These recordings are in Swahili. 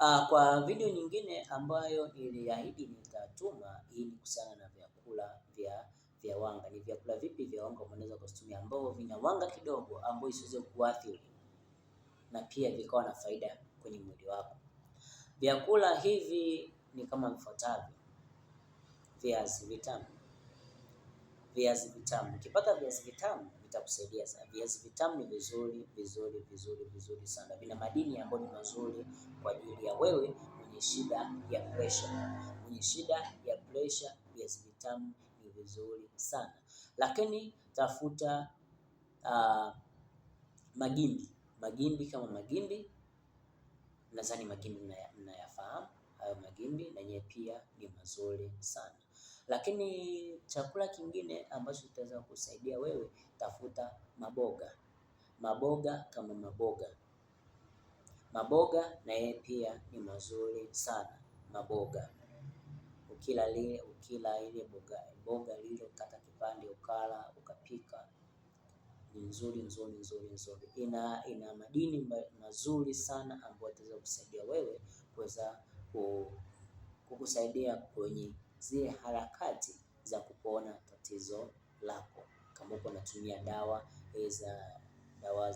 Uh, kwa video nyingine ambayo niliahidi nitatuma, hii ni kuhusiana na vyakula vya vya wanga. Ni vyakula vipi vya wanga unaweza kutumia ambao vina wanga kidogo, ambao isiweze kuathiri na pia vikawa na faida kwenye mwili wako. Vyakula hivi ni kama vifuatavyo: viazi vitamu viazi vitamu. Ukipata viazi vitamu vitakusaidia sana. Viazi vitamu ni vizuri vizuri vizuri vizuri sana, vina madini ambayo ni mazuri kwa ajili ya wewe mwenye shida ya presha, mwenye shida ya presha, viazi vitamu ni vizuri sana. Lakini tafuta uh, magimbi magimbi kama magimbi, nadhani magimbi mnayafahamu hayo magimbi, na yeye pia ni mazuri sana. Lakini chakula kingine ambacho kitaweza kusaidia wewe, tafuta maboga, maboga kama maboga, maboga na yeye pia ni mazuri sana maboga. Ukila lile ukila ile boga boga lile, ukata kipande ukala ukapika, ni nzuri nzuri nzuri nzuri, ina ina madini mazuri sana ambayo itaweza kusaidia wewe kuweza kukusaidia kwenye zile harakati za kupona tatizo lako. Kama uko unatumia dawa eh, za dawa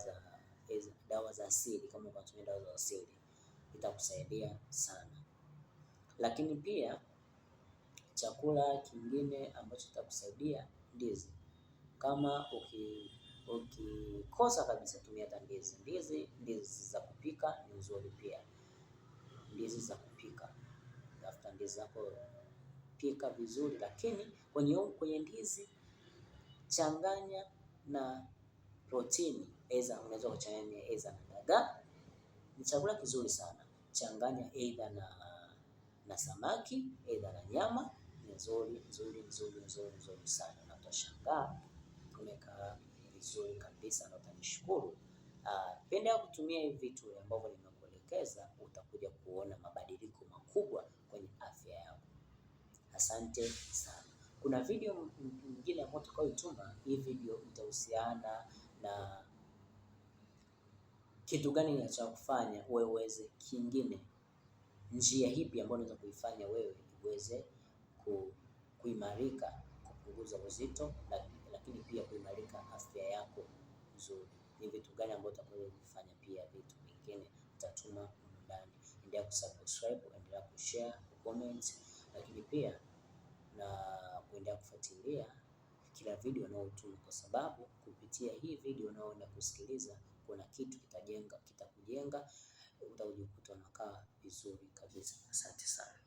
eh, za dawa za asili, kama uko unatumia dawa za asili itakusaidia sana. Lakini pia chakula kingine ambacho kitakusaidia ndizi. Kama ukikosa uki kabisa, tumia hata ndizi. Ndizi ndizi za kupika ni nzuri pia, ndizi za kupika, tafuta ndizi zako pika vizuri, lakini kwenye, kwenye ndizi changanya na protini, aidha unaweza kuchanganya aidha na dagaa. Ni chakula kizuri sana, changanya aidha na, na samaki aidha na nyama. Ni nzuri nzuri nzuri nzuri nzuri sana, na utashangaa umekaa vizuri kabisa, na utanishukuru. Ah, pendea kutumia hivi vitu ambavyo nimekuelekeza, utakuja kuona mabadiliko makubwa. Asante sana. Kuna video nyingine ambayo tutakayoituma, hii video itahusiana na kitu gani cha kufanya wewe uweze kingine, njia hipi ambayo unaweza kuifanya wewe uweze ku, kuimarika, kupunguza uzito, lakini pia kuimarika afya yako nzuri. Ni vitu gani ambavyo utakuwa kufanya, pia vitu vingine utatuma ndani. Endelea kusubscribe, endelea kushare, kucomment, lakini pia na kuendelea kufuatilia kila video unayotuma, kwa sababu kupitia hii video unaoenda kusikiliza kuna kitu kitajenga, kitakujenga, utajikuta unakaa vizuri kabisa. Asante sana.